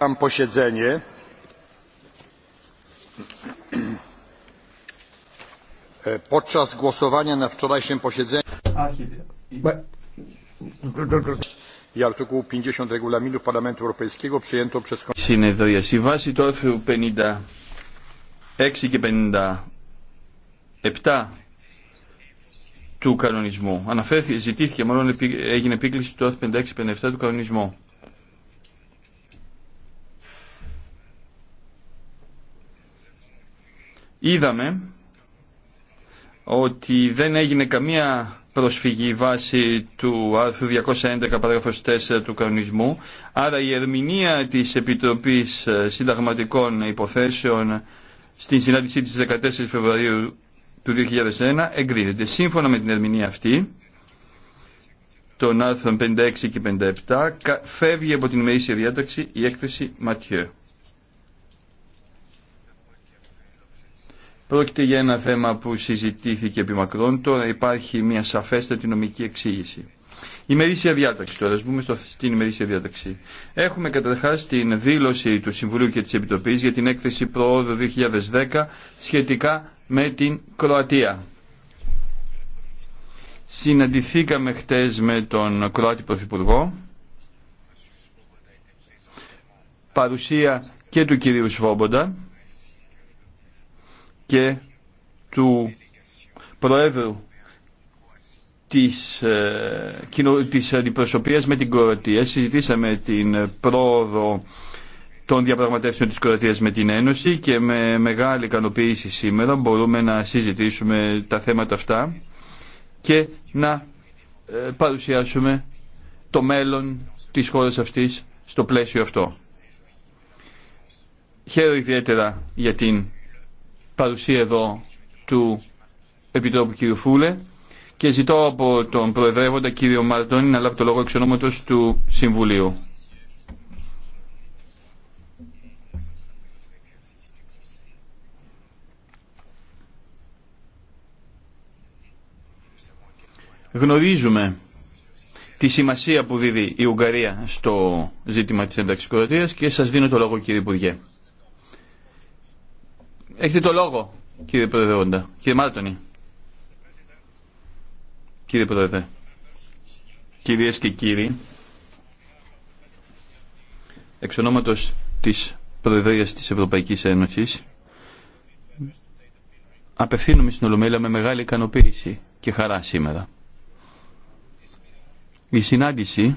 Otwieram posiedzenie. Podczas głosowania na wczorajszym posiedzeniu i artykułu 50 regulaminu Parlamentu Europejskiego przyjęto przez Συνεδρίαση βάσει του άρθρου 56 και 57 του κανονισμού. Αναφέρθηκε, ζητήθηκε, μάλλον έγινε επίκληση του άρθρου 56-57 του κανονισμού. είδαμε ότι δεν έγινε καμία προσφυγή βάσει του άρθρου 211 παράγραφος 4 του κανονισμού, άρα η ερμηνεία της Επιτροπής Συνταγματικών Υποθέσεων στην συνάντησή της 14 Φεβρουαρίου του 2001 εγκρίνεται. Σύμφωνα με την ερμηνεία αυτή, των άρθρων 56 και 57, φεύγει από την ημερήσια διάταξη η έκθεση Ματιέ. Πρόκειται για ένα θέμα που συζητήθηκε επί μακρόν, τώρα υπάρχει μια σαφέστατη νομική εξήγηση. Η μερίσια διάταξη τώρα, α πούμε στην ημερήσια διάταξη. Έχουμε καταρχά την δήλωση του Συμβουλίου και τη Επιτροπή για την έκθεση προόδου 2010 σχετικά με την Κροατία. Συναντηθήκαμε χτες με τον Κροάτη Πρωθυπουργό, παρουσία και του κυρίου Σβόμποντα, και του Προέδρου της, ε, της αντιπροσωπείας με την Κροατία. Συζητήσαμε την πρόοδο των διαπραγματεύσεων της Κροατίας με την Ένωση και με μεγάλη ικανοποίηση σήμερα μπορούμε να συζητήσουμε τα θέματα αυτά και να ε, παρουσιάσουμε το μέλλον της χώρας αυτής στο πλαίσιο αυτό. Χαίρομαι ιδιαίτερα για την παρουσία εδώ του Επιτρόπου κ. Φούλε και ζητώ από τον Προεδρεύοντα κ. Μαρτώνη να λάβει το λόγο εξ του Συμβουλίου. Γνωρίζουμε τη σημασία που δίδει η Ουγγαρία στο ζήτημα της ένταξης και σας δίνω το λόγο κύριε Υπουργέ. Έχετε το λόγο, κύριε Προεδρεόντα. Κύριε Μάρτονη. Κύριε Πρόεδρε. Κυρίες και κύριοι, εξ ονόματο της Προεδρίας της Ευρωπαϊκής Ένωσης, απευθύνομαι στην Ολομέλεια με μεγάλη ικανοποίηση και χαρά σήμερα. Η συνάντηση